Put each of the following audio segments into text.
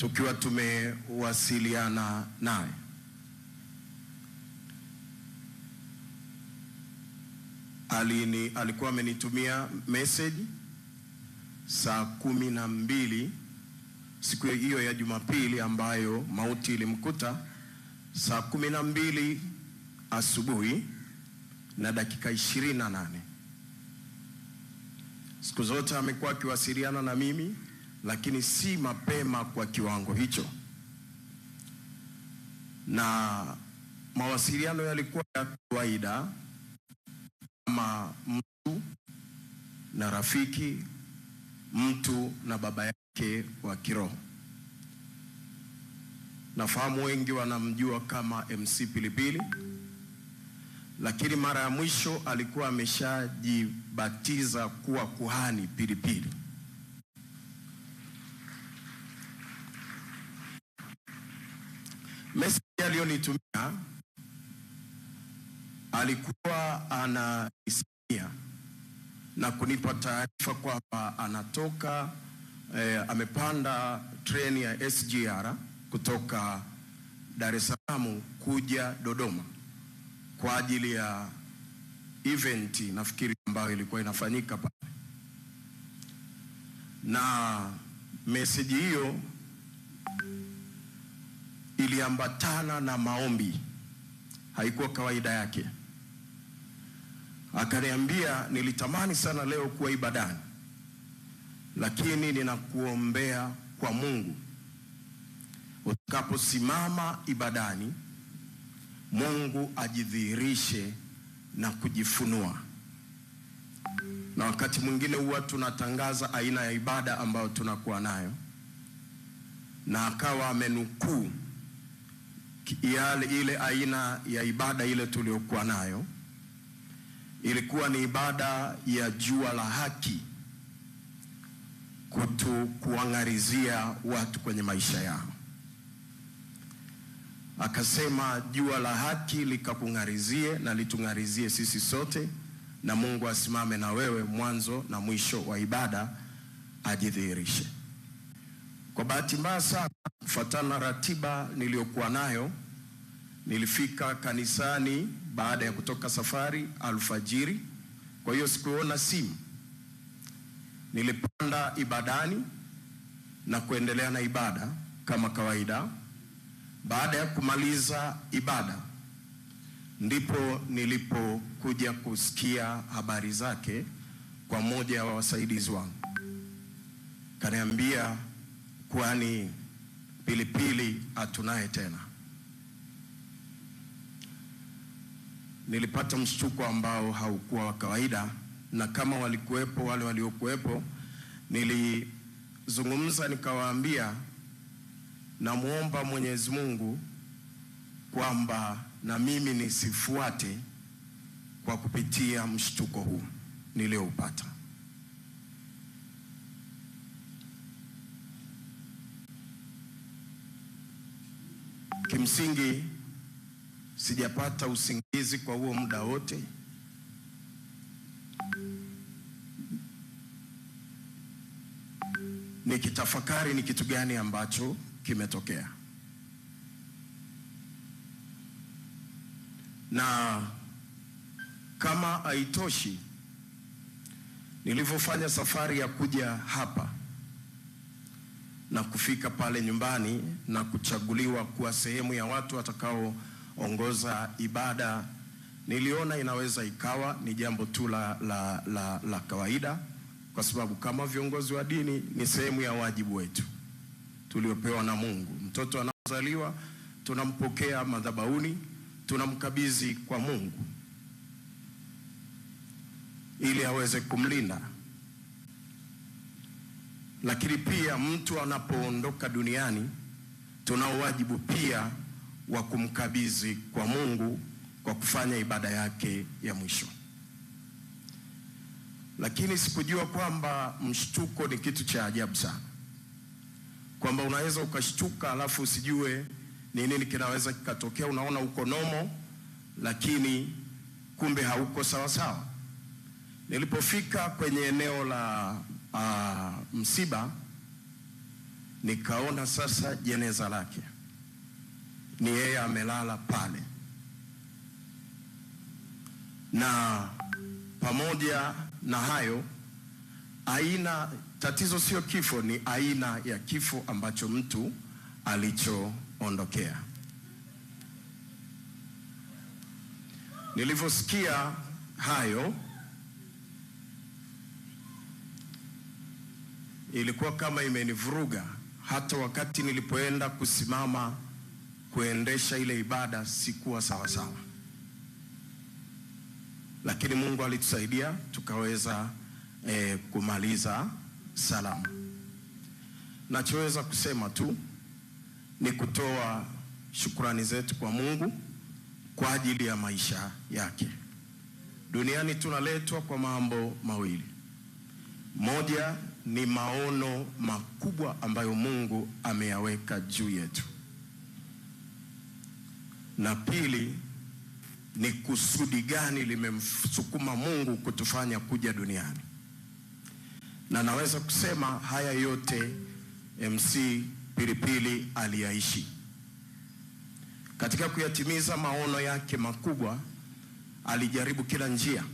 tukiwa tumewasiliana naye. Alini, alikuwa amenitumia message saa kumi na mbili siku hiyo ya Jumapili ambayo mauti ilimkuta saa kumi na mbili asubuhi na dakika ishirini na nane. Siku zote amekuwa akiwasiliana na mimi lakini si mapema kwa kiwango hicho, na mawasiliano yalikuwa ya kawaida kama mtu na rafiki, mtu na baba yake wa kiroho. Nafahamu wengi wanamjua kama MC Pilipili, lakini mara ya mwisho alikuwa ameshajibatiza kuwa kuhani Pilipili. Message aliyonitumia alikuwa anaisimia na kunipa taarifa kwamba anatoka eh, amepanda treni ya SGR kutoka Dar es Salaam kuja Dodoma kwa ajili ya event nafikiri ambayo ilikuwa inafanyika pale, na meseji hiyo iliambatana na maombi, haikuwa kawaida yake. Akaniambia, nilitamani sana leo kuwa ibadani, lakini ninakuombea kwa Mungu, utakaposimama ibadani Mungu ajidhihirishe na kujifunua. Na wakati mwingine huwa tunatangaza aina ya ibada ambayo tunakuwa nayo, na akawa amenukuu yale, ile aina ya ibada ile tuliyokuwa nayo ilikuwa ni ibada ya jua la haki kutu kuang'arizia watu kwenye maisha yao. Akasema jua la haki likakung'arizie na litung'arizie sisi sote, na Mungu asimame na wewe mwanzo na mwisho wa ibada ajidhihirishe. Kwa bahati mbaya sana, kufuatana ratiba niliyokuwa nayo Nilifika kanisani baada ya kutoka safari alfajiri, kwa hiyo sikuona simu. Nilipanda ibadani na kuendelea na ibada kama kawaida. Baada ya kumaliza ibada, ndipo nilipokuja kusikia habari zake kwa mmoja wa wasaidizi wangu, kaniambia, kwani Pilipili hatunaye tena. nilipata mshtuko ambao haukuwa wa kawaida, na kama walikuwepo wale waliokuwepo, nilizungumza nikawaambia, namwomba Mwenyezi Mungu kwamba na mimi nisifuate kwa kupitia mshtuko huu nilioupata. Kimsingi sijapata usingizi kwa huo muda wote. Nikitafakari ni kitu gani ambacho kimetokea, na kama haitoshi, nilivyofanya safari ya kuja hapa na kufika pale nyumbani na kuchaguliwa kuwa sehemu ya watu watakao ongoza ibada, niliona inaweza ikawa ni jambo tu la, la, la, la kawaida, kwa sababu kama viongozi wa dini ni sehemu ya wajibu wetu tuliopewa na Mungu. Mtoto anazaliwa, tunampokea madhabahuni, tunamkabidhi kwa Mungu ili aweze kumlinda lakini pia mtu anapoondoka duniani tuna wajibu pia wa kumkabidhi kwa Mungu kwa kufanya ibada yake ya mwisho. Lakini sikujua kwamba mshtuko ni kitu cha ajabu sana, kwamba unaweza ukashtuka alafu usijue ni nini kinaweza kikatokea. Unaona uko nomo, lakini kumbe hauko sawa sawa. Nilipofika kwenye eneo la a, ah, msiba nikaona sasa jeneza lake ni yeye amelala pale, na pamoja na hayo aina tatizo sio kifo, ni aina ya kifo ambacho mtu alichoondokea. Nilivyosikia hayo, ilikuwa kama imenivuruga. Hata wakati nilipoenda kusimama kuendesha ile ibada sikuwa sawa sawa lakini Mungu alitusaidia tukaweza eh, kumaliza salamu Nachoweza kusema tu ni kutoa shukrani zetu kwa Mungu kwa ajili ya maisha yake. Duniani tunaletwa kwa mambo mawili, moja ni maono makubwa ambayo Mungu ameyaweka juu yetu na pili ni kusudi gani limemsukuma Mungu kutufanya kuja duniani. Na naweza kusema haya yote MC Pilipili aliyaishi katika kuyatimiza maono yake makubwa. Alijaribu kila njia.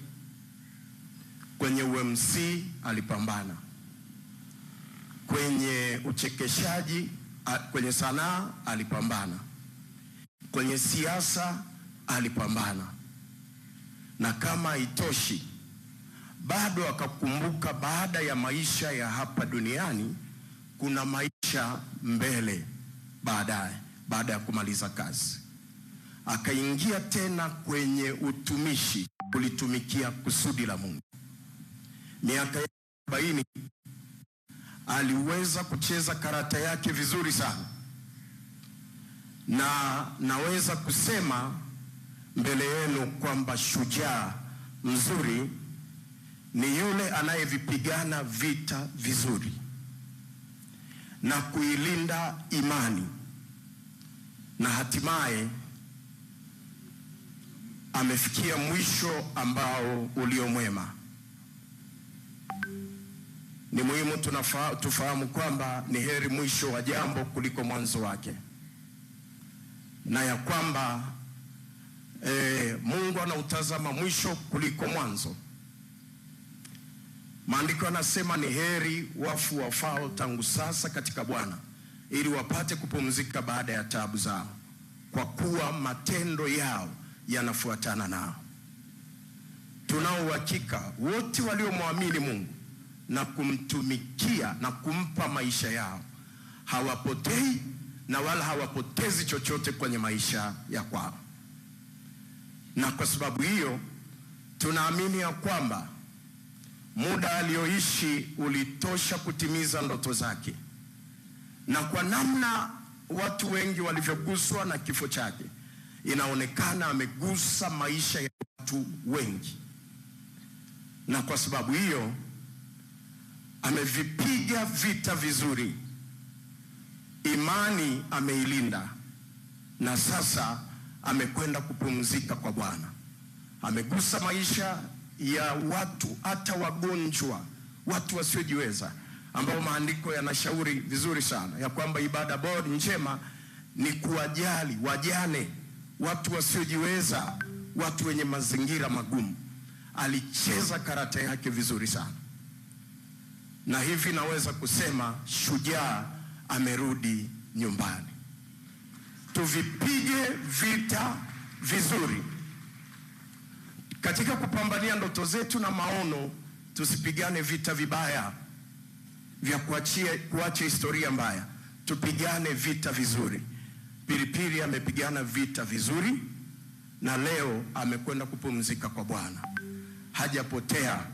Kwenye UMC alipambana, kwenye uchekeshaji, kwenye sanaa alipambana Kwenye siasa alipambana, na kama haitoshi bado akakumbuka baada ya maisha ya hapa duniani kuna maisha mbele baadaye, baada ya kumaliza kazi akaingia tena kwenye utumishi, kulitumikia kusudi la Mungu. Miaka ya arobaini aliweza kucheza karata yake vizuri sana na naweza kusema mbele yenu kwamba shujaa mzuri ni yule anayevipigana vita vizuri na kuilinda imani na hatimaye amefikia mwisho ambao uliomwema. Ni muhimu tufahamu kwamba ni heri mwisho wa jambo kuliko mwanzo wake na ya kwamba e, Mungu anautazama mwisho kuliko mwanzo. Maandiko yanasema ni heri wafu wafao tangu sasa katika Bwana, ili wapate kupumzika baada ya taabu zao, kwa kuwa matendo yao yanafuatana nao. Tunao uhakika wote waliomwamini Mungu na kumtumikia na kumpa maisha yao hawapotei na wala hawapotezi chochote kwenye maisha ya kwao. Na kwa sababu hiyo tunaamini ya kwamba muda aliyoishi ulitosha kutimiza ndoto zake, na kwa namna watu wengi walivyoguswa na kifo chake, inaonekana amegusa maisha ya watu wengi, na kwa sababu hiyo amevipiga vita vizuri Imani ameilinda na sasa amekwenda kupumzika kwa Bwana. Amegusa maisha ya watu, hata wagonjwa, watu wasiojiweza, ambao maandiko yanashauri vizuri sana ya kwamba ibada bora njema ni kuwajali wajane, watu wasiojiweza, watu wenye mazingira magumu. Alicheza karata yake vizuri sana, na hivi naweza kusema shujaa amerudi nyumbani. Tuvipige vita vizuri katika kupambania ndoto zetu na maono. Tusipigane vita vibaya vya kuachia kuacha historia mbaya, tupigane vita vizuri. Pilipili amepigana vita vizuri na leo amekwenda kupumzika kwa Bwana, hajapotea.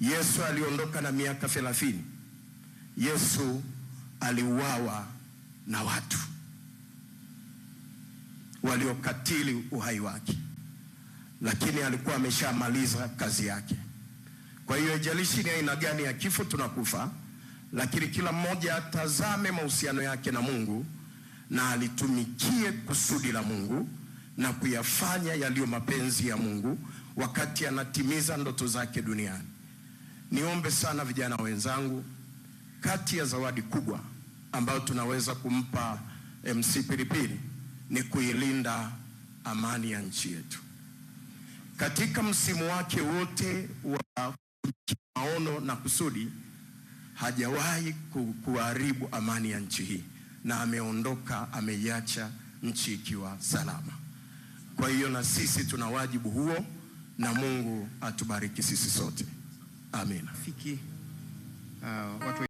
Yesu aliondoka na miaka thelathini. Yesu aliuawa na watu waliokatili uhai wake, lakini alikuwa ameshamaliza kazi yake. Kwa hiyo ejalishi ni aina gani ya kifo tunakufa, lakini kila mmoja atazame mahusiano yake na Mungu na alitumikie kusudi la Mungu na kuyafanya yaliyo mapenzi ya Mungu wakati anatimiza ndoto zake duniani. Niombe sana vijana wenzangu kati ya zawadi kubwa ambayo tunaweza kumpa eh, MC Pilipili ni kuilinda amani ya nchi yetu. Katika msimu wake wote wa maono na kusudi, hajawahi kuharibu amani ya nchi hii, na ameondoka, ameiacha nchi ikiwa salama. Kwa hiyo na sisi tuna wajibu huo, na Mungu atubariki sisi sote, amina. Uh,